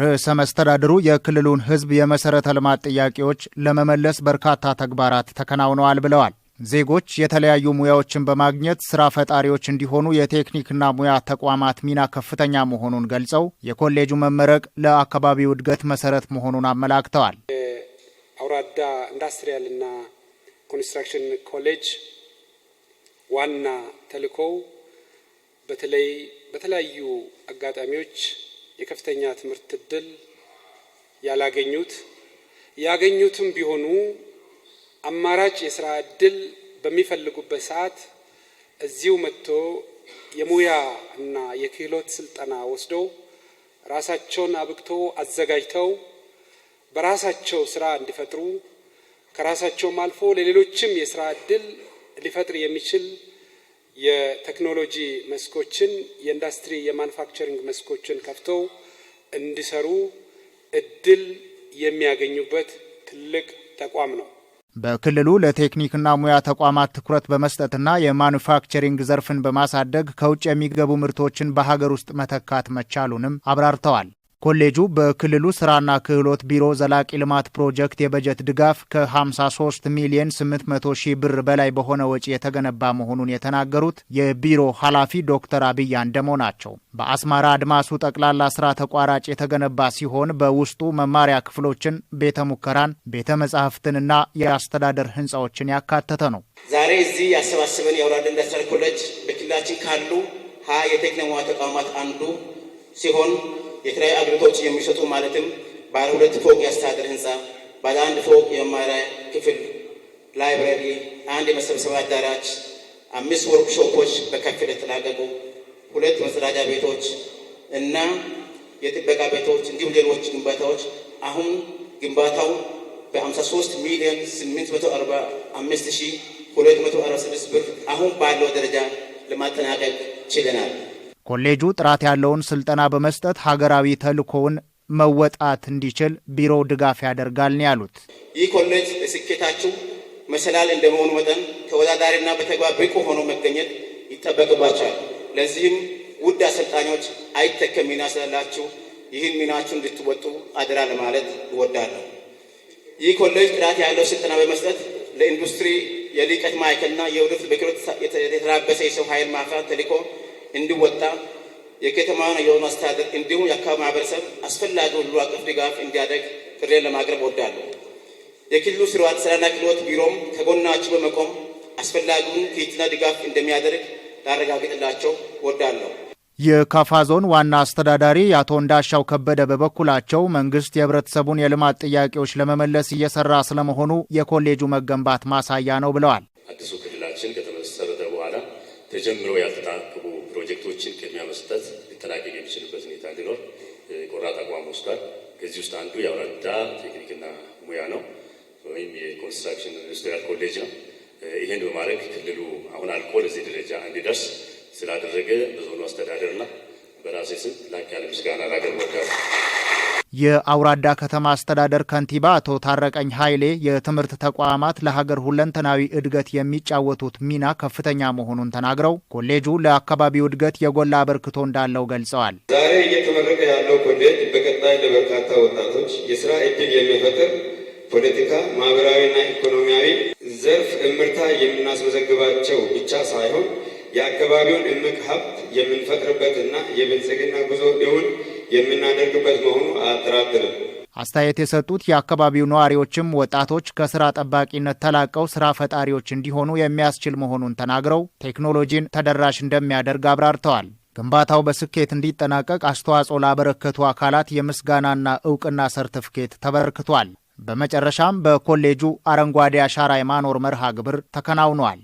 ርዕሰ መስተዳድሩ የክልሉን ሕዝብ የመሠረተ ልማት ጥያቄዎች ለመመለስ በርካታ ተግባራት ተከናውነዋል ብለዋል። ዜጎች የተለያዩ ሙያዎችን በማግኘት ሥራ ፈጣሪዎች እንዲሆኑ የቴክኒክና ሙያ ተቋማት ሚና ከፍተኛ መሆኑን ገልጸው የኮሌጁ መመረቅ ለአካባቢው እድገት መሠረት መሆኑን አመላክተዋል። አውራዳ ኢንዱስትሪያልና ኮንስትራክሽን ኮሌጅ ዋና ተልዕኮው በተለይ በተለያዩ አጋጣሚዎች የከፍተኛ ትምህርት እድል ያላገኙት ያገኙትም ቢሆኑ አማራጭ የስራ እድል በሚፈልጉበት ሰዓት እዚሁ መጥቶ የሙያ እና የክህሎት ስልጠና ወስደው ራሳቸውን አብቅቶ አዘጋጅተው በራሳቸው ስራ እንዲፈጥሩ ከራሳቸውም አልፎ ለሌሎችም የስራ እድል ሊፈጥር የሚችል የቴክኖሎጂ መስኮችን የኢንዱስትሪ የማኑፋክቸሪንግ መስኮችን ከፍተው እንዲሰሩ እድል የሚያገኙበት ትልቅ ተቋም ነው። በክልሉ ለቴክኒክና ሙያ ተቋማት ትኩረት በመስጠትና የማኑፋክቸሪንግ ዘርፍን በማሳደግ ከውጭ የሚገቡ ምርቶችን በሀገር ውስጥ መተካት መቻሉንም አብራርተዋል። ኮሌጁ በክልሉ ስራና ክህሎት ቢሮ ዘላቂ ልማት ፕሮጀክት የበጀት ድጋፍ ከ53 ሚሊዮን 800 ሺህ ብር በላይ በሆነ ወጪ የተገነባ መሆኑን የተናገሩት የቢሮ ኃላፊ ዶክተር አብይ አንደሞ ናቸው። በአስማራ አድማሱ ጠቅላላ ስራ ተቋራጭ የተገነባ ሲሆን በውስጡ መማሪያ ክፍሎችን፣ ቤተ ሙከራን፣ ቤተ መጻሕፍትንና የአስተዳደር ህንፃዎችን ያካተተ ነው። ዛሬ እዚህ ያሰባስበን የአውራዳ ኢንዱስትሪያል ኮሌጅ በክልላችን ካሉ ሀያ የቴክኒክ ተቋማት አንዱ ሲሆን የተለያዩ አገልግሎቶች የሚሰጡ ማለትም ባለ ሁለት ፎቅ የአስተዳደር ህንፃ፣ ባለ አንድ ፎቅ የመማሪያ ክፍል፣ ላይብረሪ፣ አንድ የመሰብሰቢያ አዳራሽ፣ አምስት ወርክሾፖች በከፊል የተጠናቀቁ፣ ሁለት መጸዳጃ ቤቶች እና የጥበቃ ቤቶች እንዲሁም ሌሎች ግንባታዎች አሁን ግንባታው በ53 ሚሊዮን 845 ሺህ 246 ብር አሁን ባለው ደረጃ ለማጠናቀቅ ችለናል። ኮሌጁ ጥራት ያለውን ስልጠና በመስጠት ሀገራዊ ተልእኮውን መወጣት እንዲችል ቢሮው ድጋፍ ያደርጋል ያሉት። ይህ ኮሌጅ ስኬታችሁ መሰላል እንደመሆኑ መጠን ተወዳዳሪና በተግባር ብቁ ሆኖ መገኘት ይጠበቅባቸዋል። ለዚህም ውድ አሰልጣኞች አይተከም ሚና ስላላችሁ ይህን ሚናችሁ እንድትወጡ አደራ ለማለት እወዳለሁ። ይህ ኮሌጅ ጥራት ያለው ስልጠና በመስጠት ለኢንዱስትሪ የልቀት ማዕከልና የውድፍ በክሎት የተራበሰ የሰው ኃይል ማፍራት ተልእኮ እንዲወጣ የከተማውን የሆኑ አስተዳደር እንዲሁም የአካባቢ ማህበረሰብ አስፈላጊ ሁሉ አቀፍ ድጋፍ እንዲያደርግ ጥሬን ለማቅረብ ወዳለሁ። የክልሉ ስራና ክህሎት ቢሮም ከጎናችሁ በመቆም አስፈላጊውን ክትትልና ድጋፍ እንደሚያደርግ ላረጋግጥላቸው ወዳለሁ። የካፋ ዞን ዋና አስተዳዳሪ አቶ እንዳሻው ከበደ በበኩላቸው መንግስት የህብረተሰቡን የልማት ጥያቄዎች ለመመለስ እየሰራ ስለመሆኑ የኮሌጁ መገንባት ማሳያ ነው ብለዋል። አዲሱ ክልላችን ከተመሰረተ በኋላ ተጀምሮ ያልተጠናቀቁ ፕሮጀክቶችን ቅድሚያ መስጠት ሊጠናቀቅ የሚችልበት ሁኔታ እንዲኖር ቆራጥ አቋም ወስዷል። ከዚህ ውስጥ አንዱ የአውራዳ ቴክኒክና ሙያ ነው ወይም የኮንስትራክሽን ኢንዱስትሪያል ኮሌጅ ነው። ይህን በማድረግ ክልሉ አሁን አልቆ ለዚህ ደረጃ እንዲደርስ ስላደረገ በዞኑ አስተዳደርና በራሴ ስም ላቅ ያለ ምስጋና ላቀርብ እወዳለሁ። የአውራዳ ከተማ አስተዳደር ከንቲባ አቶ ታረቀኝ ኃይሌ የትምህርት ተቋማት ለሀገር ሁለንተናዊ እድገት የሚጫወቱት ሚና ከፍተኛ መሆኑን ተናግረው ኮሌጁ ለአካባቢው እድገት የጎላ አበርክቶ እንዳለው ገልጸዋል። ዛሬ እየተመረቀ ያለው ኮሌጅ በቀጣይ ለበርካታ ወጣቶች የስራ እድል የሚፈጥር ፖለቲካ፣ ማህበራዊና ኢኮኖሚያዊ ዘርፍ እምርታ የምናስመዘግባቸው ብቻ ሳይሆን የአካባቢውን እምቅ ሀብት የምንፈጥርበትና የብልጽግና ጉዞ እውን የምናደርግበት መሆኑ አያጠራጥርም። አስተያየት የሰጡት የአካባቢው ነዋሪዎችም ወጣቶች ከስራ ጠባቂነት ተላቀው ስራ ፈጣሪዎች እንዲሆኑ የሚያስችል መሆኑን ተናግረው ቴክኖሎጂን ተደራሽ እንደሚያደርግ አብራርተዋል። ግንባታው በስኬት እንዲጠናቀቅ አስተዋጽኦ ላበረከቱ አካላት የምስጋናና እውቅና ሰርትፍኬት ተበርክቷል። በመጨረሻም በኮሌጁ አረንጓዴ አሻራ የማኖር መርሃ ግብር ተከናውኗል።